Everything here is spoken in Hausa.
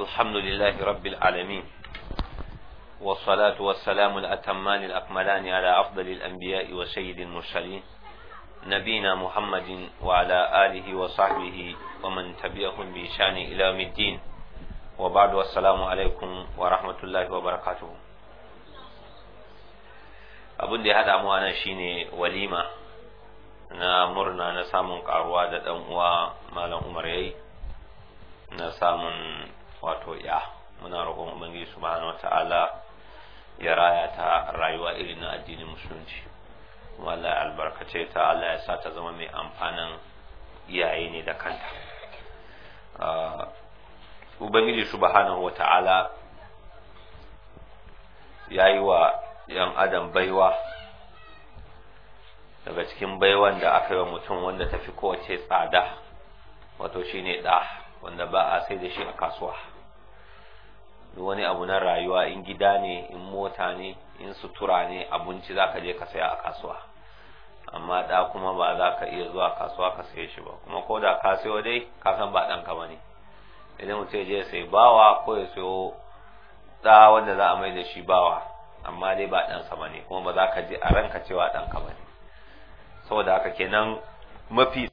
الحمد لله رب العالمين والصلاة والسلام الأتمان الأكملان على أفضل الأنبياء وسيد المرسلين نبينا محمد وعلى آله وصحبه ومن تبعهم بإشان إلى يوم الدين وبعد والسلام عليكم ورحمة الله وبركاته abin da ya haɗa mu anan shine walima na murna na samun karuwa da ɗan uwa malam umar yayi na samun wato ya muna roƙon ubangiji subhanahu wataala ya raya ta rayuwa irin na addinin musulunci kuma Allah ya albarkace ta Allah ya sa ta zama mai amfanin iyaye ne da kanta ah, ubangiji subhanahu wataala ya yi wa ‘yan adam baiwa daga cikin baiwan da aka yi wa mutum wanda tafi kowace tsada wato shine ɗa wanda ba a sai da shi a kasuwa duk wani abu na rayuwa in gida ne in mota ne in sutura ne abinci zaka je ka saya a kasuwa amma da kuma ba za ka iya zuwa kasuwa ka saye shi ba kuma ko da ka sayo dai ka san ba ɗanka ba ne idan mutum je sai bawa ko ya sayo da wanda za a mai da shi bawa amma dai ba ɗansa ba ne kuma ba za ka je a ranka cewa ɗanka ba ne saboda haka kenan mafi